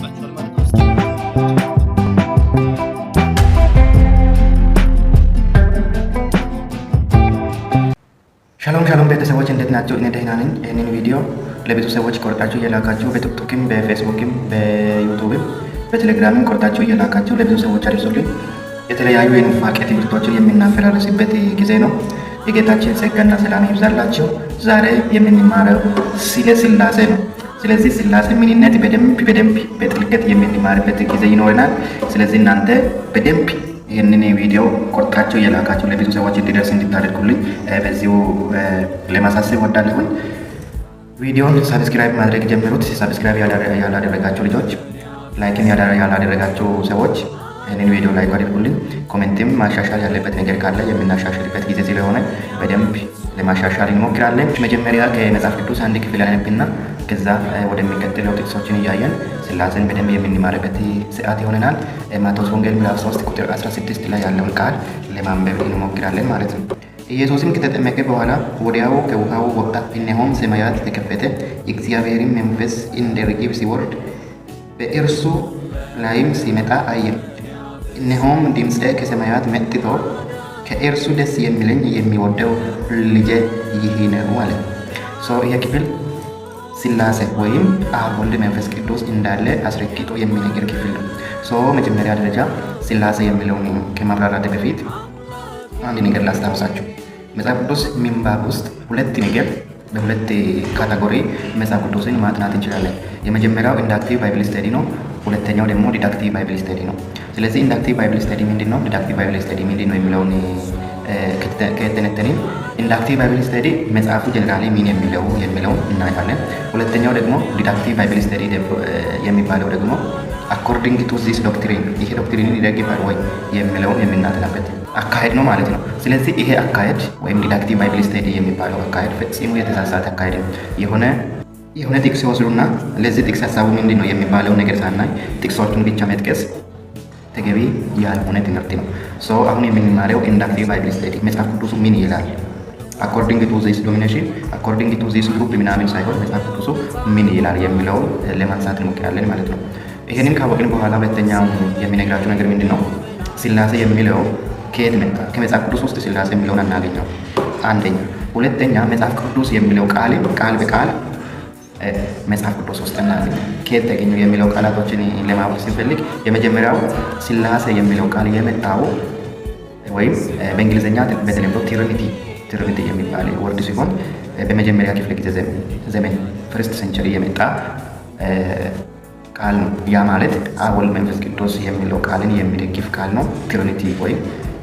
ይመጣል ማለት ነው። ሻሎም ሻሎም ቤተሰቦች እንዴት ናቸው? እኔ ደህና ነኝ። ይህንን ቪዲዮ ለቤቱ ሰዎች ቆርጣችሁ እየላካችሁ በቲክቶክም፣ በፌስቡክም፣ በዩቱብም፣ በቴሌግራምም ቆርጣችሁ እየላካችሁ ለቤቱ ሰዎች አድርሱልኝ። የተለያዩ የኑፋቄ ትምህርቶችን የምናፈራርስበት ጊዜ ነው። የጌታችን ጸጋና ሰላም ይብዛላቸው ዛሬ የምንማረው ስለ ሥላሴ ነው። ስለዚህ ስላሴ ምንነት በደንብ በደንብ በጥልቀት የምንማርበት ጊዜ ይኖረናል። ስለዚህ እናንተ በደንብ ይህንን ቪዲዮ ቆርጣቸው የላካቸው ለብዙ ሰዎች እንዲደርስ እንድታደርጉልኝ በዚሁ ለማሳሰብ ወዳለሁኝ። ቪዲዮን ሳብስክራይብ ማድረግ ጀምሩት። ሰብስክራይብ ያላደረጋቸው ልጆች፣ ላይክን ያላደረጋቸው ሰዎች ይህንን ቪዲዮ ላይክ አድርጉልኝ። ኮሜንትም ማሻሻል ያለበት ነገር ካለ የምናሻሽልበት ጊዜ ስለሆነ በደንብ ለማሻሻል እንሞክራለን። መጀመሪያ ከመጽሐፍ ቅዱስ አንድ ክፍል አነብና ከዛ ወደሚቀጥለው ጥቅሶችን እያየን ስላሴን በደንብ የምንማርበት ሰዓት ይሆነናል። ማቴዎስ ወንጌል ምዕራፍ 3 ቁጥር 16 ላይ ያለውን ቃል ለማንበብ እንሞክራለን ማለት ነው። ኢየሱስም ከተጠመቀ በኋላ ወዲያው ከውሃው ወጣ፣ እነሆም ሰማያት ተከፈተ፣ የእግዚአብሔርም መንፈስ እንደ ርግብ ሲወርድ በእርሱ ላይም ሲመጣ አየ። እነሆም ድምፀ ከሰማያት መጥቶ ከእርሱ ደስ የሚለኝ የሚወደው ልጄ ይህ ነው አለ። ይሄ ክፍል ስላሴ ወይም አብ ወልድ መንፈስ ቅዱስ እንዳለ አስረግጦ የሚነገር ክፍል ነው። መጀመሪያ ደረጃ ስላሴ የሚለውን ከማብራራት በፊት አንድ ነገር ላስታውሳችሁ። መጽሐፍ ቅዱስ ምንባብ ውስጥ ሁለት ነገር በሁለት ካታጎሪ መጽሐፍ ቅዱስን ማጥናት እንችላለን። የመጀመሪያው ኢንዳክቲቭ ባይብል ስተዲ ነው። ሁለተኛው ደግሞ ዲዳክቲቭ ባይብል ስተዲ ነው። ስለዚህ ኢንዳክቲቭ ባይብል ስተዲ ምንድን ነው? ዲዳክቲቭ ባይብል ስተዲ ምንድን ነው የሚለውን ከተነተንን ኢንዳክቲቭ ባይብል ስተዲ መጽሐፉ ጀነራሊ ምን የሚለው የሚለውን እናያለን። ሁለተኛው ደግሞ ዲዳክቲቭ ባይብል ስተዲ የሚባለው ደግሞ አኮርዲንግ ቱ ዚስ ዶክትሪን ይሄ ዶክትሪንን ይደግፋል ወይ የሚለውን የምናጠናበት አካሄድ ነው ማለት ነው። ስለዚህ ይሄ አካሄድ ወይም ዲዳክቲቭ ባይብል ስተዲ የሚባለው አካሄድ ፈጽሞ የተሳሳተ አካሄድ የሆነ የሆነ ጥቅስ ይወስዱና ለዚህ ጥቅስ ሀሳቡ ምንድን ነው የሚባለው ነገር ሳናይ ጥቅሶቹን ብቻ መጥቀስ ተገቢ ያልሆነ ትምህርት ነው። ሰው አሁን የምንማረው ኢንዳክቲቭ ባይብል ስተዲ መጽሐፍ ቅዱሱ ምን ይላል አኮርዲንግ ቱ ዚስ ዶሚኔሽን አኮርዲንግ ቱ ዚስ ግሩፕ ምናምን ሳይሆን መጽሐፍ ቅዱሱ ምን ይላል የሚለውን ለማንሳት እንሞክራለን ማለት ነው። ይህንን ካወቅን በኋላ ሁለተኛ የሚነግራቸው ነገር ምንድን ነው? ስላሴ የሚለው ከየት መጣ? ከመጽሐፍ ቅዱስ ውስጥ ስላሴ የሚለውን አናገኘው አንደኛ። ሁለተኛ መጽሐፍ ቅዱስ የሚለው ቃል ቃል በቃል መጽሐፍ ቅዱስ ውስጥና ከየት ተገኙ የሚለው ቃላቶችን ለማወቅ ሲፈልግ የመጀመሪያው ስላሴ የሚለው ቃል የመጣው ወይም በእንግሊዝኛ በተለምዶ ትሪኒቲ ትሪኒቲ የሚባል ወርድ ሲሆን በመጀመሪያ ክፍለ ጊዜ ዘመን ፍርስት ሴንቸሪ የመጣ ቃል ነው። ያ ማለት አብ ወልድ መንፈስ ቅዱስ የሚለው ቃልን የሚደግፍ ቃል ነው። ትሪኒቲ ወይም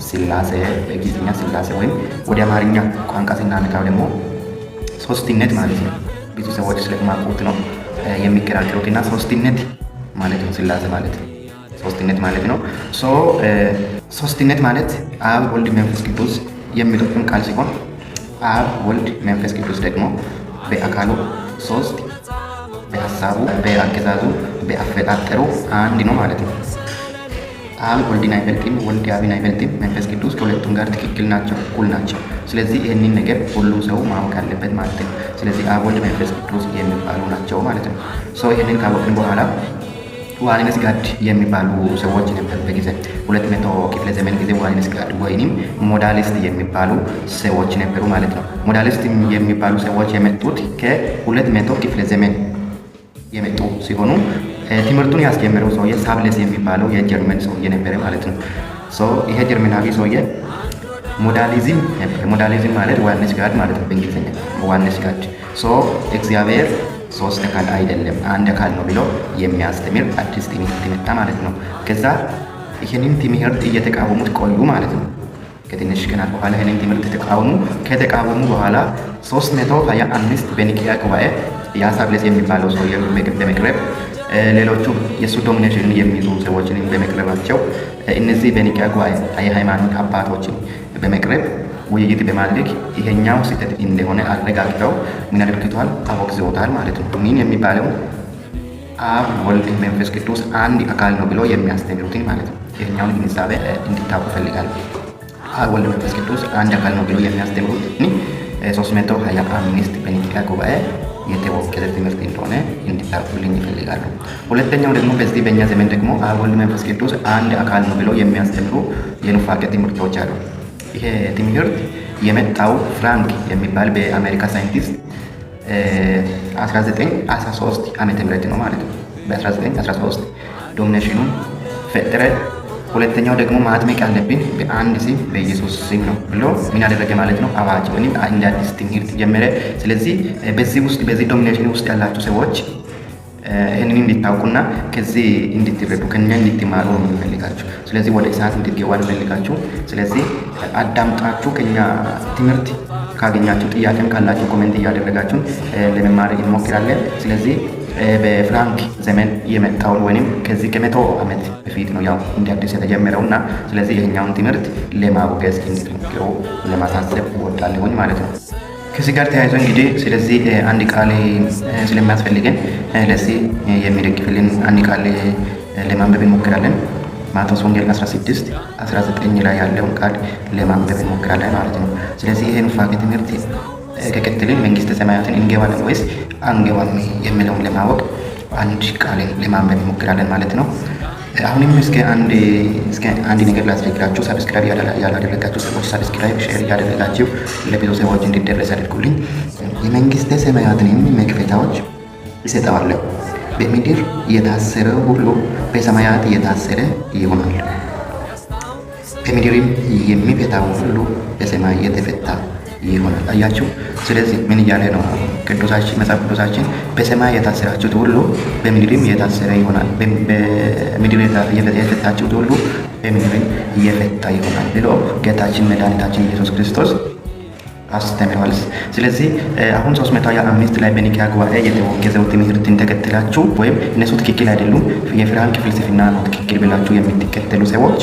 ስላሴ በእንግሊዝኛ ስላሴ ወይም ወደ አማርኛ ቋንቋ ስናመጣው ደግሞ ሶስትነት ማለት ነው። ብዙ ሰዎች ስለማቁት ነው የሚከራከሩት እና ሶስትነት ማለት ነው ስላሴ ማለት ነው ሶስትነት ማለት ነው። ሶስትነት ማለት አብ ወልድ፣ መንፈስ ቅዱስ የሚሉትን ቃል ሲሆን አብ ወልድ፣ መንፈስ ቅዱስ ደግሞ በአካሉ ሶስት፣ በሀሳቡ፣ በአገዛዙ፣ በአፈጣጠሩ አንድ ነው ማለት ነው። አብ ወልድን አይበልጥም፣ ወልድ አብን አይበልጥም፣ መንፈስ ቅዱስ ከሁለቱም ጋር ትክክል ናቸው፣ እኩል ናቸው። ስለዚህ ይህንን ነገር ሁሉም ሰው ማወቅ አለበት ማለት ነው። ስለዚህ አብ ወልድ፣ መንፈስ ቅዱስ የሚባሉ ናቸው ማለት ነው። ሰው ይህንን ካወቅን በኋላ ዋንነስ ጋድ የሚባሉ ሰዎች ነበር በጊዜ ሁለት መቶ ክፍለ ዘመን ጊዜ ዋንነስ ጋድ ወይም ሞዳሊስት የሚባሉ ሰዎች ነበሩ ማለት ነው። ሞዳሊስት የሚባሉ ሰዎች የመጡት ከሁለት መቶ ክፍለ ዘመን የመጡ ሲሆኑ ትምህርቱን ያስጀመረው ሰውዬ ሳብለስ የሚባለው የጀርመን ሰውዬ ነበረ ማለት ነው። ይሄ ጀርመናዊ ሰውዬ ሞዳሊዝም ነበረ። ሞዳሊዝም ማለት ዋነስ ጋድ ማለት ነው በእንግሊዝኛ ዋነስ ጋድ። እግዚአብሔር ሶስት አካል አይደለም አንድ አካል ነው ብሎ የሚያስተምር አዲስ ትምህርት መጣ ማለት ነው። ከዛ ይህንን ትምህርት እየተቃወሙት ቆዩ ማለት ነው። ከትንሽ ቀናት በኋላ ይህንን ትምህርት ተቃወሙ። ከተቃወሙ በኋላ 325 በኒቅያ ጉባኤ ያሳብለስ የሚባለው ሰውዬ በመቅረብ ሌሎቹ የእሱ ዶሚኔሽን የሚይዙ ሰዎችን በመቅረባቸው እነዚህ በኒቅያ የሃይማኖት አባቶችን በመቅረብ ውይይት በማድረግ ይሄኛው ስህተት እንደሆነ አረጋግጠው ምን አድርግቷል? አወግዘውታል ማለት ነው። ምን የሚባለው አብ ወልድ መንፈስ ቅዱስ አንድ አካል ነው ብሎ የሚያስተምሩትን ማለት ነው። ይሄኛውን ግንዛቤ እንዲታወቅ ፈልጋል። አብ ወልድ መንፈስ ቅዱስ አንድ አካል ነው ብሎ የሚያስተምሩት 325 በኒቅያ ጉባኤ የተወከለ ትምህርት እንደሆነ እንዲታቁልኝ ይፈልጋሉ። ሁለተኛው ደግሞ በዚህ በእኛ ዘመን ደግሞ አብ ወልድ መንፈስ ቅዱስ አንድ አካል ነው ብለው የሚያስተምሩ የኑፋቄ ትምህርቶች አሉ። ይሄ ትምህርት የመጣው ፍራንክ የሚባል በአሜሪካ ሳይንቲስት 1913 ዓመተ ምህረት ነው ማለት ነው። በ1913 ዶሚኔሽኑን ፈጥረ ሁለተኛው ደግሞ ማጥመቅ ያለብን በአንድ ስም በኢየሱስ ስም ነው ብሎ ምን ያደረገ ማለት ነው አዋጅ ወይም እንደ አዲስ ትምህርት ጀመረ። ስለዚህ በዚህ ውስጥ በዚህ ዶሚኔሽን ውስጥ ያላችሁ ሰዎች ይህንን እንድታውቁና ከዚህ እንድትረዱ ከኛ እንድትማሩ ነው የሚፈልጋችሁ። ስለዚህ ወደ እሳት እንድትገባ እንፈልጋችሁ። ስለዚህ አዳምጣችሁ ከኛ ትምህርት ካገኛችሁ ጥያቄም ካላችሁ ኮሜንት እያደረጋችሁን ለመማር እንሞክራለን። ስለዚህ በፍራንክ ዘመን የመጣውን ወይም ከዚህ ከመቶ ዓመት በፊት ነው ያው እንደ አዲስ የተጀመረው እና ስለዚህ ይህኛውን ትምህርት ለማውገዝ እንዲሞክሩ ለማሳሰብ እወዳለሁኝ ማለት ነው። ከዚህ ጋር ተያይዞ እንግዲህ ስለዚህ አንድ ቃል ስለሚያስፈልገን ለዚህ የሚደግፍልን አንድ ቃል ለማንበብ እንሞክራለን። ማቴዎስ ወንጌል 16 19 ላይ ያለውን ቃል ለማንበብ እንሞክራለን ማለት ነው። ስለዚህ ይህን ፋቂ ትምህርት ከቀጥልን መንግስተ ሰማያትን እንገባለን ወይስ አንገባም የሚለውን ለማወቅ አንድ ቃልን ለማንበብ እንሞክራለን ማለት ነው። አሁንም እስከ አንድ እስከ አንድ ነገር ላስቸግራችሁ። ሰብስክራይብ ያላደረጋችሁ ሰዎች ሰብስክራይብ፣ ሼር እያደረጋችሁ ለብዙ ሰዎች እንዲደረስ አድርጉልኝ። የመንግስተ ሰማያትንም መክፈቻዎች እሰጠዋለሁ። በምድር የታሰረ ሁሉ በሰማያት የታሰረ ይሆናል፣ በምድርም የሚፈታው ሁሉ በሰማይ የተፈታ ይሆናል። አያችሁ። ስለዚህ ምን እያለ ነው? ቅዱሳችን መጽሐፍ ቅዱሳችን በሰማይ የታሰራችሁት ሁሉ በምድርም የታሰረ ይሆናል፣ በምድር የፈታችሁት ሁሉ በምድርም እየፈታ ይሆናል ብሎ ጌታችን መድኃኒታችን ኢየሱስ ክርስቶስ አስተምረዋል። ስለዚህ አሁን 325 ላይ በኒቅያ ጉባኤ የተወገዘው ትምህርትን ተከትላችሁ ወይም እነሱ ትክክል አይደሉም የፍርሃን ፍልስፍና ነው ትክክል ብላችሁ የምትከተሉ ሰዎች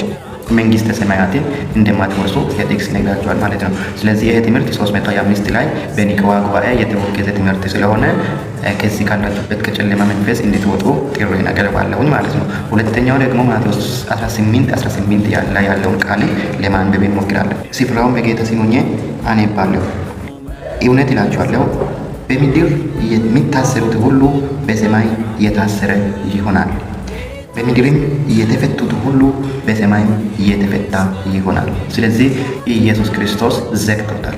መንግስተ ሰማያትን እንደማትወርሱ የጥቅስ ይነግራቸዋል ማለት ነው። ስለዚህ ይሄ ትምህርት 325 ላይ በኒቅዋ ጉባኤ የተወገዘ ትምህርት ስለሆነ ከዚህ ካላችሁበት ከጨለማ መንፈስ እንድትወጡ ጥሪ አቀርባለሁኝ ማለት ነው። ሁለተኛው ደግሞ ማቴዎስ 18 18 ላይ ያለውን ቃል ለማንበብ እንሞክራለን። ስፍራውን በጌታ ሲኖኘ ሆኜ አነባለሁ። እውነት እላችኋለሁ በምድር የሚታሰሩት ሁሉ በሰማይ የታሰረ ይሆናል በምድርም እየተፈቱት ሁሉ በሰማይም እየተፈታ ይሆናል። ስለዚህ ኢየሱስ ክርስቶስ ዘግቶታል።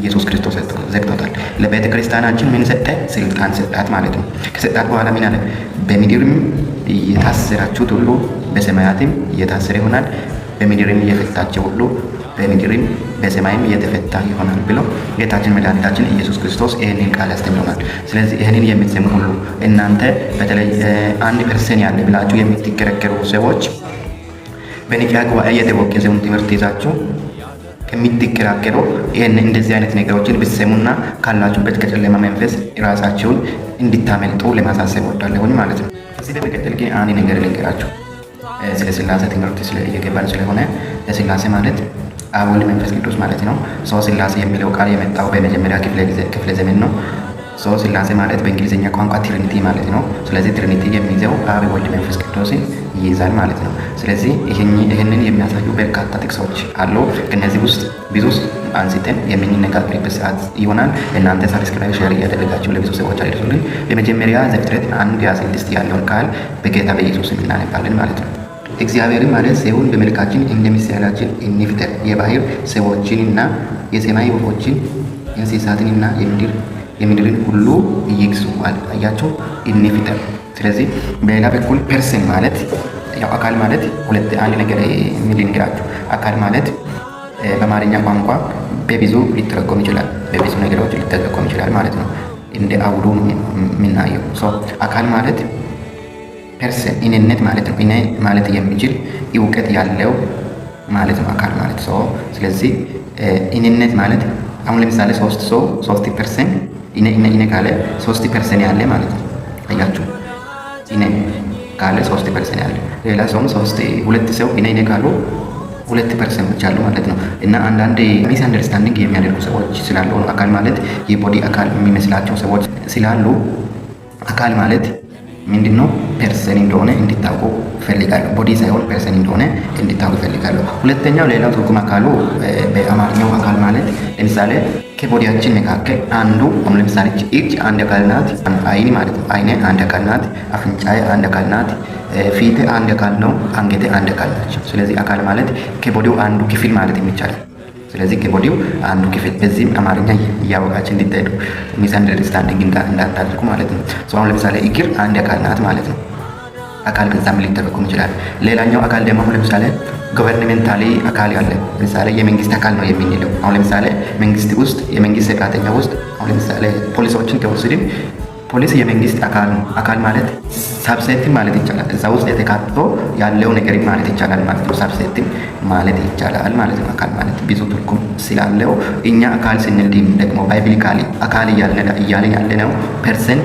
ኢየሱስ ክርስቶስ ዘግቶታል። ለቤተ ክርስቲያናችን ምን ሰጠ? ስልጣን ሰጣት ማለት ነው። ከሰጣት በኋላ ምን አለ? በምድርም እየታሰራችሁት ሁሉ በሰማያትም እየታሰረ ይሆናል። በምድርም እየፈታቸው ሁሉ በምድርም በሰማይም እየተፈታ ይሆናል ብሎ ጌታችን መድኃኒታችን ኢየሱስ ክርስቶስ ይህንን ቃል ያስተምረናል። ስለዚህ ይህንን የምትሰሙ ሁሉ እናንተ በተለይ አንድ ፐርሰን ያለ ብላችሁ የምትከረከሩ ሰዎች በኒቅያ ጉባኤ የተወገዘውን ትምህርት ይዛችሁ ከሚትከራከሩ ይህን እንደዚህ አይነት ነገሮችን ብትሰሙና ካላችሁበት ከጨለማ መንፈስ ራሳችሁን እንድታመልጡ ለማሳሰብ ወዳለሁኝ ማለት ነው። ከዚህ በመቀጠል ግን አንድ ነገር ልንገራችሁ። ስለ ስላሴ ትምህርት እየገባን ስለሆነ ለስላሴ ማለት አብ ወልድ መንፈስ ቅዱስ ማለት ነው። ሶ ስላሴ የሚለው ቃል የመጣው በመጀመሪያ ክፍለ ዘመን ነው። ሶ ስላሴ ማለት በእንግሊዝኛ ቋንቋ ትሪኒቲ ማለት ነው። ስለዚህ ትሪኒቲ የሚይዘው አብ ወልድ መንፈስ ቅዱስን ይይዛል ማለት ነው። ስለዚህ ይህንን የሚያሳዩ በርካታ ጥቅሶች አሉ። ከነዚህ ውስጥ ብዙ አንስተን የምንነጋገርበት ሰዓት ይሆናል። እናንተ ሳብስክራይብ፣ ሼር እያደረጋችሁ ለብዙ ሰዎች አድርሱልን። በመጀመሪያ ዘፍጥረት አንድ ሃያ ስድስት ያለውን ቃል በጌታ በኢየሱስ እናነባለን ማለት ነው። እግዚአብሔርም አለ ሰውን በመልካችን እንደ ምሳሌያችን እንፍጠር፣ የባህር ሰዎችንና የሰማይ ወፎችን የምድር የምድርን ሁሉ ይግዙ አለ። አያቸው እንፍጠር። ስለዚህ በሌላ በኩል ፐርሰን ማለት ያው አካል ማለት ሁለት አንድ ነገር የሚልንግራችሁ አካል ማለት በአማርኛ ቋንቋ በብዙ ሊተረጎም ይችላል፣ በብዙ ነገሮች ሊተረጎም ይችላል ማለት ነው። እንደ አውሎ ነው የምናየው አካል ማለት ፐርሰን እኔነት ማለት ነው። እኔ ማለት የሚችል እውቀት ያለው ማለት ነው አካል ማለት ሰው። ስለዚህ እኔነት ማለት አሁን ለምሳሌ ሶስት ሰው ሶስት ፐርሰን እኔ ካለ ሶስት ፐርሰን ያለ ማለት ነው። አያችሁ እኔ ካለ ሶስት ፐርሰን ያለ ሌላ ሰውም ሶስት ሁለት ሰው እኔ እኔ ካሉ ሁለት ፐርሰንት ብቻ አሉ ማለት ነው። እና አንዳንድ ሚስ አንደርስታንዲንግ የሚያደርጉ ሰዎች ስላሉ አካል ማለት የቦዲ አካል የሚመስላቸው ሰዎች ስላሉ አካል ማለት ምንድን ነው ፐርሰን እንደሆነ እንዲታውቁ ፈልጋለሁ። ቦዲ ሳይሆን ፐርሰን እንደሆነ እንዲታውቁ ፈልጋለሁ። ሁለተኛው ሌላው ትርጉም አካሉ በአማርኛው አካል ማለት ለምሳሌ ከቦዲያችን መካከል አንዱ አሁን ለምሳሌ እጅ አንድ አካል ናት፣ አይን ማለት ነው። አይኔ አንድ አካል ናት፣ አፍንጫዬ አንድ አካል ናት፣ ፊቴ አንድ አካል ነው፣ አንገቴ አንድ አካል ናቸው። ስለዚህ አካል ማለት ከቦዲው አንዱ ክፍል ማለት የሚቻላል። ስለዚህ ከወዲሁ አንዱ ክፍል በዚህም አማርኛ እያወቃችን እንዲታሄዱ ሚስ አንደርስታንዲንግ እንዳታደርጉ ማለት ነው። አሁን ለምሳሌ እግር አንድ አካል ናት ማለት ነው። አካል ከዛም ሊተረጎም ይችላል። ሌላኛው አካል ደግሞ ለምሳሌ ጎቨርንሜንታሊ አካል ያለ ለምሳሌ የመንግስት አካል ነው የምንለው። አሁን ለምሳሌ መንግስት ውስጥ የመንግስት ሰራተኛ ውስጥ አሁን ለምሳሌ ፖሊሶችን ከወስድን ፖሊስ የመንግስት አካል ነው። አካል ማለት ሳብሴትም ማለት ይቻላል። እዛ ውስጥ የተካቶ ያለው ነገር ማለት ይቻላል ማለት ነው። ሳብሴትም ማለት ይቻላል ማለት ነው። አካል ማለት ብዙ ትርጉም ስላለው እኛ አካል ስንል ዲም ደግሞ ባይብሊካሊ አካል እያለ ያለ ነው ፐርሰን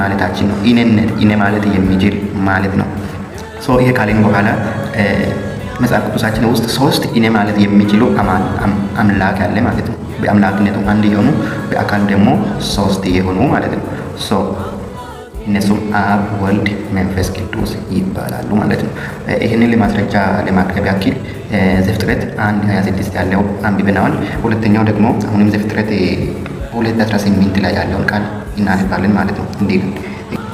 ማለታችን ነው። ኢነነት ኢነ ማለት የሚችል ማለት ነው። ሶ ይሄ ካልን በኋላ መጽሐፍ ቅዱሳችን ውስጥ ሶስት ኢነ ማለት የሚችሉ አምላክ ያለ ማለት ነው። በአምላክነቱ አንድ የሆኑ በአካሉ ደግሞ ሶስት የሆኑ ማለት ነው። እነሱም አብ፣ ወልድ፣ መንፈስ ቅዱስ ይባላሉ ማለት ነው። ይህንን ለማስረጃ ለማቅረብ ያክል ዘፍጥረት አንድ 26 ስድስት ያለው አንብበናል። ሁለተኛው ደግሞ አሁንም ዘፍጥረት ሁለት 18 ላይ ያለውን ቃል እናነባለን ማለት ነው። እንዲህ ነው።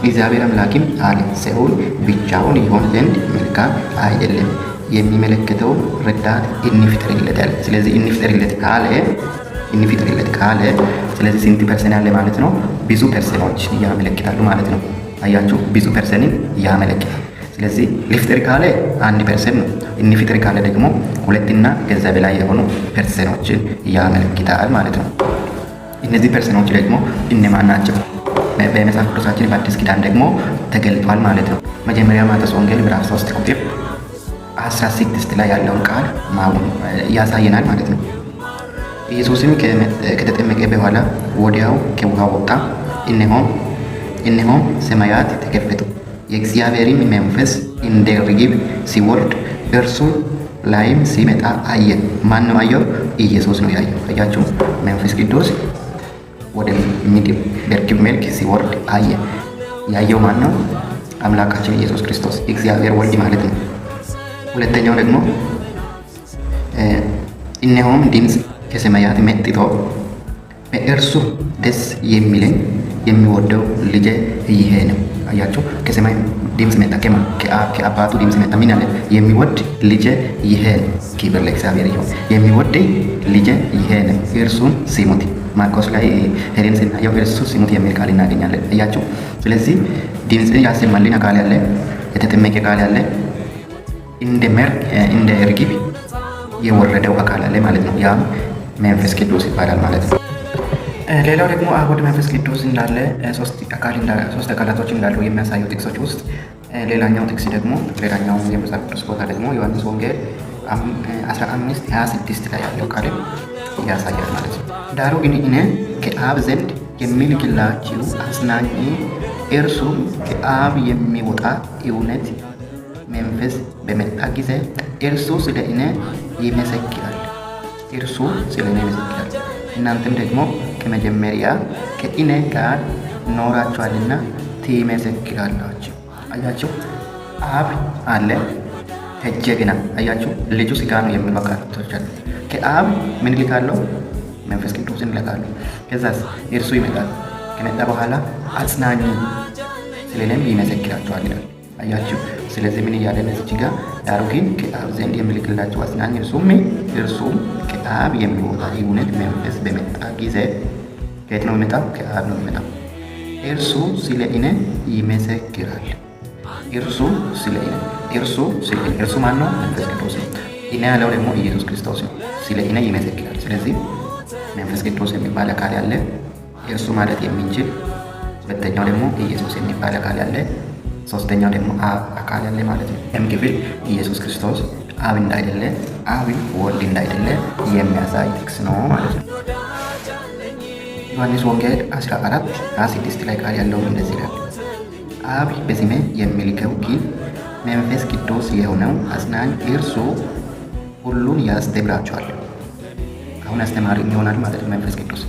እግዚአብሔር አምላክም አለ ሰውን ብቻውን ይሆን ዘንድ መልካም አይደለም፣ የሚመለከተው ረዳት እንፍጠርለት ያለ። ስለዚህ እንፍጠርለት ካለ ኢንፊኒት ካለ ስለዚህ ስንት ፐርሰን ያለ ማለት ነው? ብዙ ፐርሰኖች ያመለክታሉ ማለት ነው። አያችሁ ብዙ ፐርሰንን ያመለክታል። ስለዚህ ሊፍጥር ካለ አንድ ፐርሰን ነው። ኢንፊጥር ካለ ደግሞ ሁለትና ከዛ በላይ የሆኑ ፐርሰኖችን ያመለክታል ማለት ነው። እነዚህ ፐርሰኖች ደግሞ እነማን ናቸው? በመጽሐፍ ቅዱሳችን በአዲስ ኪዳን ደግሞ ተገልጧል ማለት ነው። መጀመሪያ ማቴዎስ ወንጌል ምዕራፍ 3 ቁጥር 16 ላይ ያለውን ቃል ያሳየናል ማለት ነው። ኢየሱስም ከተጠመቀ በኋላ ወዲያው ከውሃ ወጣ፣ እነሆም ሰማያት ተከፈቱ፣ የእግዚአብሔርም መንፈስ እንደ ርግብ ሲወርድ በእርሱ ላይም ሲመጣ አየ። ማን ነው አየው? ኢየሱስ ነው ያየው። አያችሁ፣ መንፈስ ቅዱስ ወደ ምድር በርግብ መልክ ሲወርድ አየ። ያየው ማን ነው? አምላካችን ኢየሱስ ክርስቶስ እግዚአብሔር ወልድ ማለት ነው። ሁለተኛው ደግሞ እነሆም ድምፅ ከሰማያት መጥቶ እርሱ ደስ የሚለኝ የሚወደው ልጅ ይሄ ነው። አያችሁ፣ ከሰማይ ድምፅ መጣ፣ ከማ ከአባቱ ድምፅ መጣ። ምን አለ? የሚወድ ልጅ ይሄ ነው። ክብር ለእግዚአብሔር ይሁን። የሚወድ ልጅ ይሄ ነው፣ እርሱን ሲሙት ማርቆስ ላይ ሄደን ስናየው እርሱ ሲሙት የሚል ቃል እናገኛለን። አያችሁ፣ ስለዚህ ድምፅን ያሰማልን ቃል ያለ የተጠመቀ ቃል ያለ እንደ መር እንደ እርግብ የወረደው አካል አለ ማለት ነው ያም መንፈስ ቅዱስ ይባላል ማለት ነው። ሌላው ደግሞ አብ መንፈስ ቅዱስ እንዳለ ሶስት አካላቶች እንዳሉ የሚያሳዩ ጥቅሶች ውስጥ ሌላኛው ጥቅስ ደግሞ ሌላኛው የመጽሐፍ ቅዱስ ቦታ ደግሞ ዮሐንስ ወንጌል 15 26 ላይ ያለው ቃል ያሳያል ማለት ነው። ዳሩ ግን እኔ ከአብ ዘንድ የሚልክላችሁ አጽናኝ እርሱም ከአብ የሚወጣ እውነት መንፈስ በመጣ ጊዜ እርሱ ስለ እኔ ይመሰክራል እርሱ ስለ እኔ ይመሰክራል፣ እናንተም ደግሞ ከመጀመሪያ ከእኔ ጋር ኖራችኋልና ትመሰክራላችሁ። አያችሁ፣ አብ አለ ሄጄ ግና አያችሁ፣ ልጁ ስጋ ነው የሚሉ አካላቶች ከአብ ምን ልካለሁ? መንፈስ ቅዱስን እልካለሁ። ከዛስ እርሱ ይመጣል። ከመጣ በኋላ አጽናኙ ስለ እኔም ይመሰክራችኋል ይላል። አያችሁ። ስለዚህ ምን እያለን እዚች ጋ ዳሩ ግን ከአብ ዘንድ የምልክላችሁ አጽናኝ እርሱም እርሱም ከአብ የሚወጣ የእውነት መንፈስ በመጣ ጊዜ ከየት ነው የሚመጣው? ከአብ ነው የሚመጣው። እርሱ ስለ እኔ ይመሰክራል። እርሱ ስለ እኔ እርሱ ስለ እኔ እርሱ ማን ነው? መንፈስ ቅዱስ ነው። እኔ ያለው ደግሞ ኢየሱስ ክርስቶስ ነው። ስለ እኔ ይመሰክራል። ስለዚህ መንፈስ ቅዱስ የሚባል አካል ያለ እርሱ ማለት የሚንችል ሁለተኛው ደግሞ ኢየሱስ የሚባል አካል ያለ ሶስተኛው ደግሞ አብ አካል ያለ ማለት ነው። ይህም ክፍል ኢየሱስ ክርስቶስ አብ እንዳይደለ አብ ወልድ እንዳይደለ የሚያሳይ ጥቅስ ነው ማለት ነው። ዮሐንስ ወንጌል 14 26 ላይ ቃል ያለው እንደዚህ ይላል፣ አብ በስሜ የሚልከው ግን መንፈስ ቅዱስ የሆነው አጽናኝ እርሱ ሁሉን ያስተምራቸዋል። አሁን አስተማሪ ይሆናል ማለት መንፈስ ቅዱስ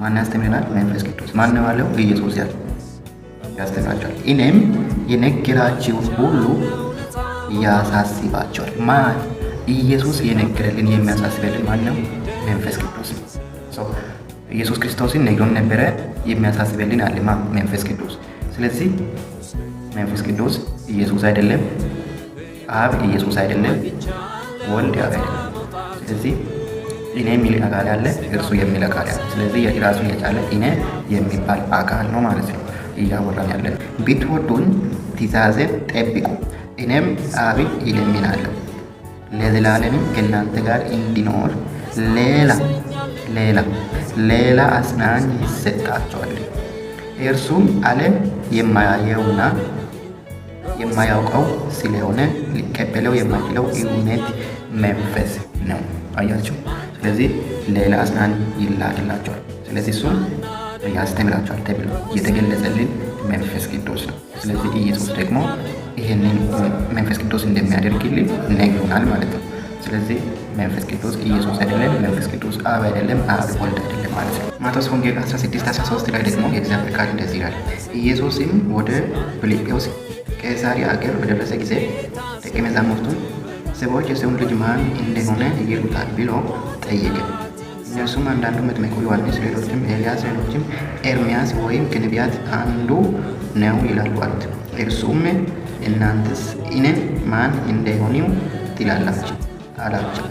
ማን ያስተምረናል? መንፈስ ቅዱስ ማን ነው ያለው? ኢየሱስ ያል ያስተምራቸዋል። እኔም የነገራችሁት ሁሉ ያሳስባቸዋል። ማን ኢየሱስ የነገረልን የሚያሳስበልን ማን ነው? መንፈስ ቅዱስ ነው። ኢየሱስ ክርስቶስን ነግሮን ነበረ። የሚያሳስበልን አለ ማ መንፈስ ቅዱስ። ስለዚህ መንፈስ ቅዱስ ኢየሱስ አይደለም፣ አብ ኢየሱስ አይደለም፣ ወልድ አብ አይደለም። ስለዚህ እኔ የሚል አካል አለ፣ እርሱ የሚል አካል አለ። ስለዚህ ራሱን የቻለ እኔ የሚባል አካል ነው ማለት ነው። እያወራን ያለን። ብትወዱኝ ትእዛዜን ጠብቁ፣ እኔም አብን ይለምናለሁ ለዘላለምም ከእናንተ ጋር እንዲኖር ሌላ ሌላ ሌላ አጽናኝ ይሰጣቸዋል። እርሱም ዓለም የማያየውና የማያውቀው ስለሆነ ሊቀበለው የማይችለው እውነት መንፈስ ነው። አያቸው። ስለዚህ ሌላ አጽናኝ ይላክላቸዋል። ስለዚህ እሱም ያስተምራቸዋል ተብሎ የተገለጸልን መንፈስ ቅዱስ ነው። ስለዚህ ኢየሱስ ደግሞ ይህንን መንፈስ ቅዱስ እንደሚያደርግልን ነግሮናል ማለት ነው። ስለዚህ መንፈስ ቅዱስ ኢየሱስ አይደለም፣ መንፈስ ቅዱስ አብ አይደለም፣ አብ ወልድ አይደለም ማለት ነው። ማቴዎስ ወንጌል 16 13 ላይ ደግሞ የእግዚአብሔር ቃል እንደዚህ ይላል፣ ኢየሱስም ወደ ፊልጵዎስ ቄሳርያ አገር በደረሰ ጊዜ ደቀ መዛሙርቱን ሰዎች የሰውን ልጅ ማን እንደሆነ ይሉታል ብሎ ጠየቀ። እነሱም አንዳንዱ መጥምቁ ዮሐንስ፣ ሌሎችም ኤልያስ፣ ሌሎችም ኤርሚያስ ወይም ክንቢያት አንዱ ነው ይላሉ እርሱም እናንተስ እኔን ማን እንደሆኒው ትላላችሁ አላቸው።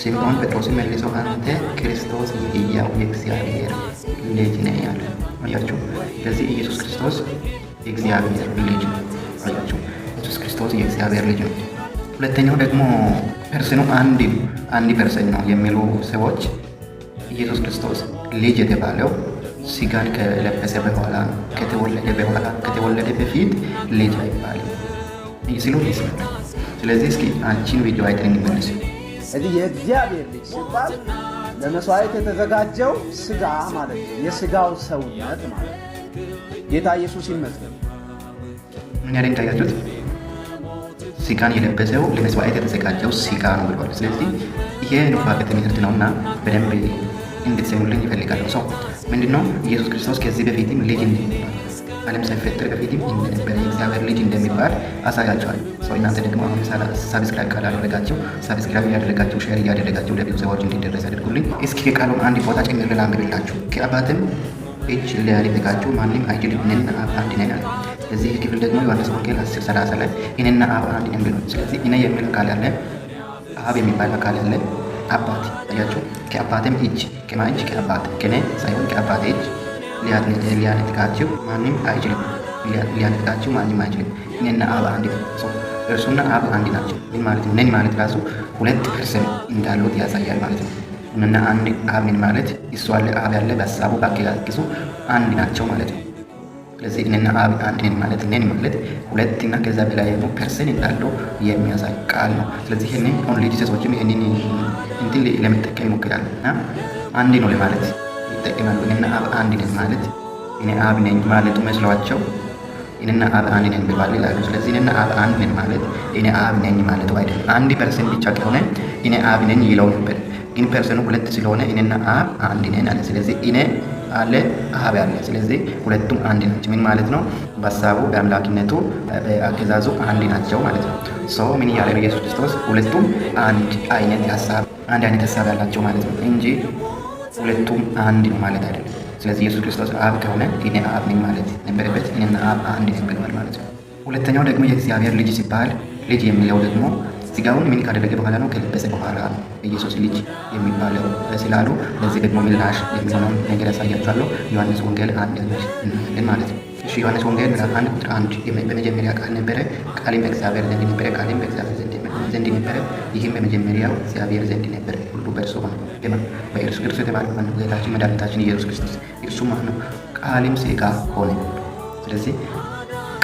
ስምዖን ጴጥሮስ መልሶ አንተ ክርስቶስ ሕያው የእግዚአብሔር ልጅ ነህ ያለ አላቸው። ስለዚህ ኢየሱስ ክርስቶስ የእግዚአብሔር ልጅ ነው ኢየሱስ ክርስቶስ የእግዚአብሔር ልጅ ነው። ሁለተኛው ደግሞ ፐርሰኑ አንድ አንድ ፐርሰን ነው የሚሉ ሰዎች ኢየሱስ ክርስቶስ ልጅ የተባለው ስጋን ከለበሰ በኋላ ከተወለደ በኋላ ከተወለደ በፊት ልጅ አይባልም ስለ ይስላል። ስለዚህ እስኪ አንቺን ቪዲዮ አይተን እንመለስ። እዚህ የእግዚአብሔር ልጅ ሲባል ለመስዋዕት የተዘጋጀው ስጋ ማለት ነው፣ የስጋው ሰውነት ማለት ነው። ጌታ ኢየሱስ ይመስገን። ምን ያደግ ታያችሁት? ስጋን የለበሰው ለመስዋዕት የተዘጋጀው ስጋ ነው ብለዋል። ስለዚህ ይሄ ንፋቀት ትምህርት እና በደንብ እንድትሰሙልኝ ይፈልጋለሁ። ሰው ምንድነው ኢየሱስ ክርስቶስ ከዚህ በፊትም ልጅ ዓለም ሳይፈጠር በፊትም እንደነበረ እግዚአብሔር ልጅ እንደሚባል አሳያቸዋል። ሰው እናንተ ደግሞ አሁን ሳብስክራይብ ካላደረጋቸው ሳብስክራይብ እያደረጋቸው ሼር እያደረጋቸው ለብዙ ሰዎች እንዲደረስ አድርጉልኝ። እስኪ የቃሉን አንድ ቦታ ጭምር ላንብብላችሁ። ከአባትም እጅ ሊያደጋችሁ ማንም አይችል እኔና አብ አንድ ነን አለ። እዚህ ክፍል ደግሞ ዮሐንስ ወንጌል አስር ሰላሳ ላይ እኔና አብ አንድ ነን ብሎ ስለዚህ እኔ የሚል አካል ያለ አብ የሚባል አካል ያለ አባት እያቸው ከአባቴም እጅ ከማ እጅ ከአባት ከኔ ሳይሆን ከአባቴ እጅ ሊያነጥቃችሁ ማንም አይችልም። ሊያነጥቃችሁ ማንም አይችልም። እኔና አብ አንድ ሰው እርሱና አብ አንድ ናቸው። ምን ማለት ነው? ነን ማለት ራሱ ሁለት ፐርሰን እንዳሉት ያሳያል ማለት ነው። እኔና አንድ አብ ምን ማለት እሱ አለ አብ ያለ በሀሳቡ በአገዛዝ አንድ ናቸው ማለት ነው። ስለዚህ እኔና አብ አንድ ነን ማለት ነን ማለት ሁለት እና ከዛ በላይ ነው ፐርሰን እንዳለው የሚያሳይ ቃል ነው። ስለዚህ እኔ ኦንሊ ልጅ ሰዎችም ይህንን እንትን ለመጠቀም ይሞክራል እና አንድ ነው ለማለት ይጠቀማሉ። እኔና አብ አንድ ነን ማለት እኔ አብ ነኝ ማለቱ መስሏቸው እኔና አብ አንድ ነን ብሏል ይላሉ። ስለዚህ እኔና አብ አንድ ነን ማለት እኔ አብ ነኝ ማለቱ አይደለም። አንድ ፐርሰን ብቻ ከሆነ እኔ አብ ነኝ ይለው ነበር፣ ግን ፐርሰኑ ሁለት ስለሆነ እኔና አብ አንድ ነን አለ። ስለዚህ እኔ አለ አብ አለ። ስለዚህ ሁለቱም አንድ ናቸው። ምን ማለት ነው? በሀሳቡ በአምላክነቱ በአገዛዙ አንድ ናቸው ማለት ነው። ሶ ምን ያለ ኢየሱስ ክርስቶስ ሁለቱም አንድ አይነት ሀሳብ አንድ አይነት ሀሳብ ያላቸው ማለት ነው እንጂ ሁለቱም አንድ ነው ማለት አይደለም። ስለዚህ ኢየሱስ ክርስቶስ አብ ከሆነ እኔ አብ ነኝ ማለት ነበረበት። እኔና አብ አንድ ነን ብለዋል ማለት ነው። ሁለተኛው ደግሞ የእግዚአብሔር ልጅ ሲባል ልጅ የሚለው ደግሞ እዚህ ስጋውን ምን ካደረገ በኋላ ነው? ከለበሰ በኋላ ኢየሱስ ልጅ የሚባለው ስላሉ ለዚህ ደግሞ ምላሽ የሚሆነው ነገር ያሳያቸዋለሁ። ዮሐንስ ወንጌል አንድ ያሉት ማለት ነው። እሺ ዮሐንስ ወንጌል ምዕራፍ አንድ ቁጥር አንድ በመጀመሪያ ቃል ነበረ፣ ቃልም በእግዚአብሔር ዘንድ ነበረ፣ ቃልም በእግዚአብሔር ዘንድ ነበረ፣ ይህም በመጀመሪያው እግዚአብሔር ዘንድ ነበረ። ሁሉ በእርሱ ሆነ፣ በኢየሱስ ክርስቶስ የተባለ ማነው? ጌታችን መድኃኒታችን ኢየሱስ ክርስቶስ እርሱ ማነው? ቃልም ሥጋ ሆነ። ስለዚህ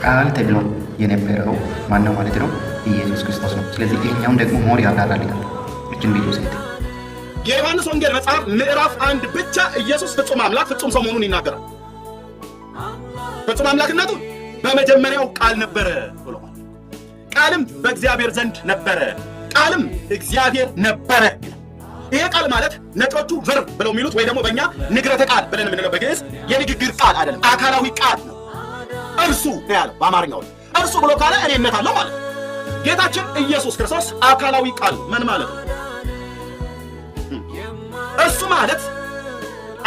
ቃል ተብሎ የነበረው ማነው ማለት ነው? ኢየሱስ ክርስቶስ ነው። ስለዚህ ይሄኛውን ደግሞ ሞር ያብራራልናል። እችን ቪዲዮ ሴት የዮሐንስ ወንጌል መጽሐፍ ምዕራፍ አንድ ብቻ ኢየሱስ ፍጹም አምላክ ፍጹም ሰው መሆኑን ይናገራል። ፍጹም አምላክነቱ በመጀመሪያው ቃል ነበረ ብለዋል። ቃልም በእግዚአብሔር ዘንድ ነበረ፣ ቃልም እግዚአብሔር ነበረ። ይሄ ቃል ማለት ነጮቹ ቨር ብለው የሚሉት ወይ ደግሞ በእኛ ንግረተ ቃል ብለን የምንለው በግዕዝ የንግግር ቃል አይደለም፣ አካላዊ ቃል ነው። እርሱ ያለው በአማርኛው እርሱ ብሎ ካለ እኔነት አለው ማለት ነው። ጌታችን ኢየሱስ ክርስቶስ አካላዊ ቃል ምን ማለት ነው? እሱ ማለት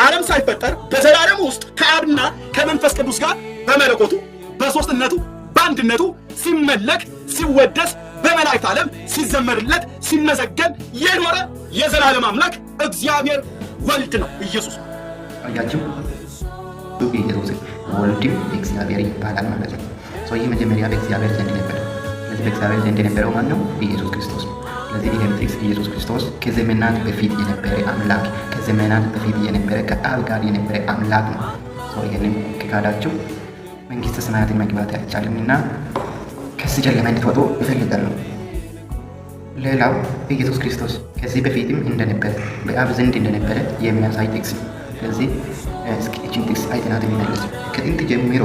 ዓለም ሳይፈጠር በዘላለም ውስጥ ከአብና ከመንፈስ ቅዱስ ጋር በመለኮቱ በሶስትነቱ በአንድነቱ ሲመለክ ሲወደስ በመላእክት ዓለም ሲዘመርለት ሲመዘገን የኖረ የዘላለም አምላክ እግዚአብሔር ወልድ ነው ኢየሱስ አያችሁ ኢየሱስ ወልድ እግዚአብሔር ይባላል ማለት ነው። ሰው ይህ መጀመሪያ በእግዚአብሔር ዘንድ ነበር። በእግዚአብሔር ዘንድ የነበረው ማን ነው? ኢየሱስ ክርስቶስ ነው። ስለዚህ ይህ ጥቅስ ኢየሱስ ክርስቶስ ከዘመናት በፊት የነበረ አምላክ ከዘመናት በፊት የነበረ ከአብ ጋር የነበረ አምላክ ነው። ይህንን ከካዳችሁ መንግስተ ሰማያትን መግባት አይቻልም እና ከዚህ ጨለማ እንድትወጡ እፈልጋለሁ። ሌላው ኢየሱስ ክርስቶስ ከዚህ በፊትም እንደነበረ በአብ ዘንድ እንደነበረ የሚያሳይ ጥቅስ ነው። ስለዚህ እስኪ እችን ጥቅስ አይተናት የሚመለስ ከጥንት ጀምሮ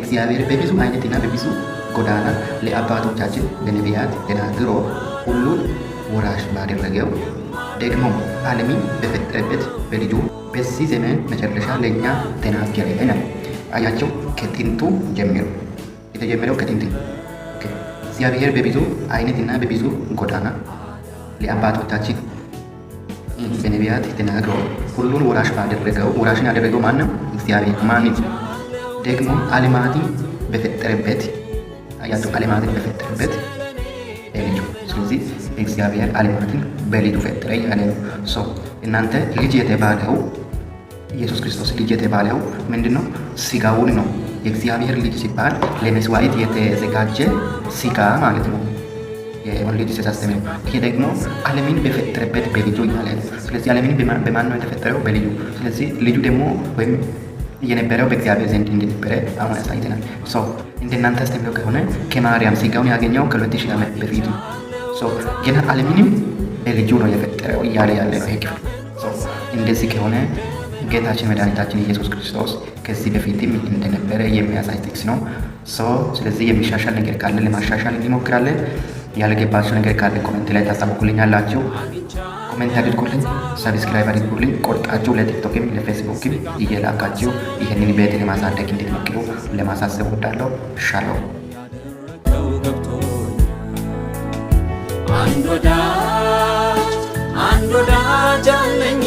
እግዚአብሔር በብዙ አይነትና በብዙ ጎዳና ለአባቶቻችን በነቢያት ተናግሮ ሁሉን ወራሽ ባደረገው ደግሞ ዓለምን በፈጠረበት በልጁ በዚህ ዘመን መጨረሻ ለእኛ ተናገረ ነው። አያቸው ከጥንቱ ጀምሮ የተጀመረው ከጥንት እግዚአብሔር በብዙ አይነትና በብዙ ጎዳና ለአባቶቻችን በነቢያት ተናግሮ ሁሉን ወራሽ ባደረገው ወራሽን ያደረገው ማን ነው? እግዚአብሔር። ማን ደግሞ ዓለማትን በፈጠረበት አያቸው አለማትን በፈጠረበት ልጁ። ስለዚህ እግዚአብሔር አለማትን በልጁ ፈጠረ ያለ ነው። ሶ እናንተ ልጅ የተባለው ኢየሱስ ክርስቶስ ልጅ የተባለው ምንድን ነው? ስጋውን ነው። የእግዚአብሔር ልጅ ሲባል ለመስዋዕት የተዘጋጀ ስጋ ማለት ነው። የወንድ ሲታስተም ነው። ይሄ ደግሞ ዓለምን በፈጠረበት በልጁ እያለ ነው። ስለዚህ ዓለምን በማን ነው የተፈጠረው? በልጁ። ስለዚህ ልጁ ደግሞ ወይም የነበረው በእግዚአብሔር ዘንድ እንደነበረ አሁን ያሳይተናል። ሰው እንደናንተ አስተምሮ ከሆነ ከማርያም ስጋውን ያገኘው ከሁለት ሺህ ዓመት በፊት ነው። ግን ዓለምንም በልጁ ነው የፈጠረው እያለ ያለ ነው እንደዚህ ከሆነ ጌታችን መድኃኒታችን ኢየሱስ ክርስቶስ ከዚህ በፊትም እንደነበረ የሚያሳይ ጥቅስ ነው። ስለዚህ የሚሻሻል ነገር ካለ ለማሻሻል እንሞክራለን። ያልገባችሁ ነገር ካለ ኮመንት ላይ ታሳውቁልኛላችሁ። ኮሜንት አድርጉልኝ፣ ሰብስክራይብ አድርጉልኝ። ቆርጣችሁ ለቲክቶክም ለፌስቡክም እየላካችሁ ይህንን ቤት ለማሳደግ እንድትሞክሩ ለማሳሰብ ወዳለሁ። ሻሎም አንድ ወዳጅ አለኝ